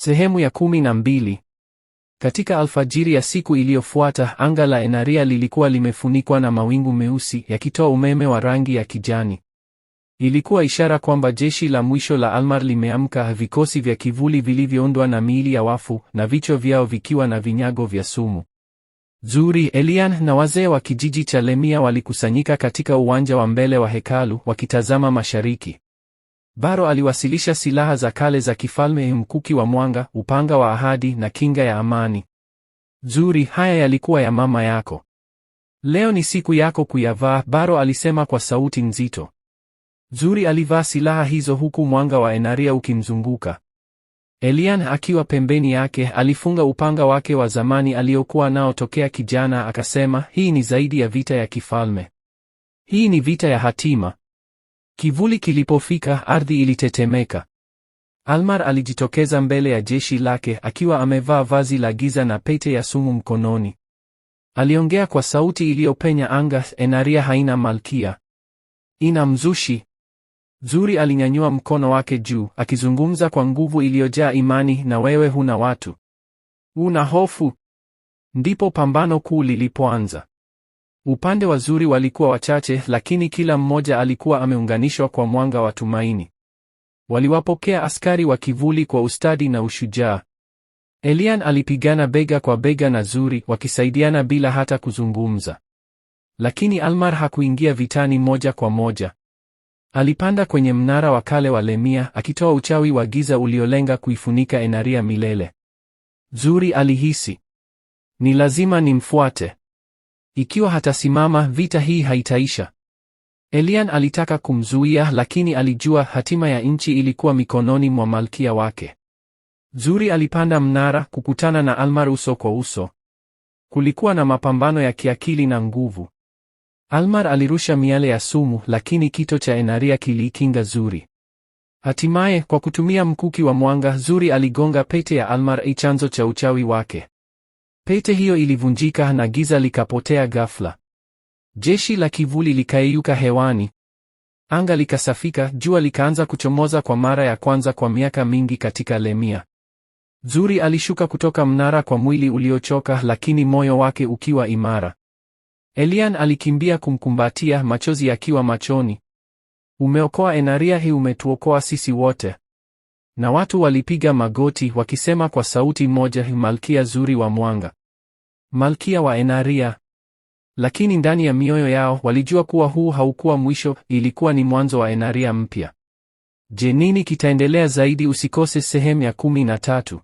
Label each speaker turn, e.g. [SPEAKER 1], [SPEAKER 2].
[SPEAKER 1] Sehemu ya kumi na mbili. Katika alfajiri ya siku iliyofuata, anga la Enaria lilikuwa limefunikwa na mawingu meusi yakitoa umeme wa rangi ya kijani. Ilikuwa ishara kwamba jeshi la mwisho la Almar limeamka, vikosi vya kivuli vilivyoundwa na miili ya wafu na vichwa vyao vikiwa na vinyago vya sumu. Zuri, Elian na wazee wa kijiji cha Lemia walikusanyika katika uwanja wa mbele wa hekalu wakitazama mashariki. Baro aliwasilisha silaha za kale za kifalme: mkuki wa mwanga, upanga wa ahadi na kinga ya amani. Zuri, haya yalikuwa ya mama yako. Leo ni siku yako kuyavaa, Baro alisema kwa sauti nzito. Zuri alivaa silaha hizo huku mwanga wa Enaria ukimzunguka. Elian akiwa pembeni yake alifunga upanga wake wa zamani aliokuwa nao tokea kijana, akasema, hii ni zaidi ya vita ya kifalme, hii ni vita ya hatima. Kivuli kilipofika, ardhi ilitetemeka. Almar alijitokeza mbele ya jeshi lake akiwa amevaa vazi la giza na pete ya sumu mkononi. Aliongea kwa sauti iliyopenya anga, Enaria haina malkia. Ina mzushi. Zuri alinyanyua mkono wake juu, akizungumza kwa nguvu iliyojaa imani, na wewe huna watu. Una hofu. Ndipo pambano kuu lilipoanza. Upande wazuri walikuwa wachache, lakini kila mmoja alikuwa ameunganishwa kwa mwanga wa tumaini. Waliwapokea askari wa kivuli kwa ustadi na ushujaa. Elian alipigana bega kwa bega na Zuri, wakisaidiana bila hata kuzungumza. Lakini Almar hakuingia vitani moja kwa moja. Alipanda kwenye mnara wa kale wa Lemia, akitoa uchawi wa giza uliolenga kuifunika Enaria milele. Zuri alihisi ni lazima nimfuate. Ikiwa hatasimama, vita hii haitaisha. Elian alitaka kumzuia, lakini alijua hatima ya nchi ilikuwa mikononi mwa malkia wake. Zuri alipanda mnara kukutana na Almar uso kwa uso. Kulikuwa na mapambano ya kiakili na nguvu. Almar alirusha miale ya sumu, lakini kito cha Enaria kiliikinga Zuri. Hatimaye, kwa kutumia mkuki wa mwanga, Zuri aligonga pete ya Almar, chanzo cha uchawi wake. Pete hiyo ilivunjika na giza likapotea ghafla. Jeshi la kivuli likayeyuka hewani. Anga likasafika, jua likaanza kuchomoza kwa mara ya kwanza kwa miaka mingi katika Lemia. Zuri alishuka kutoka mnara kwa mwili uliochoka lakini moyo wake ukiwa imara. Elian alikimbia kumkumbatia, machozi yakiwa machoni. Umeokoa Enaria, hii umetuokoa sisi wote. Na watu walipiga magoti wakisema kwa sauti moja, Malkia Zuri wa Mwanga malkia wa Enaria. Lakini ndani ya mioyo yao walijua kuwa huu haukuwa mwisho, ilikuwa ni mwanzo wa Enaria mpya. Je, nini kitaendelea zaidi? Usikose sehemu ya kumi na tatu.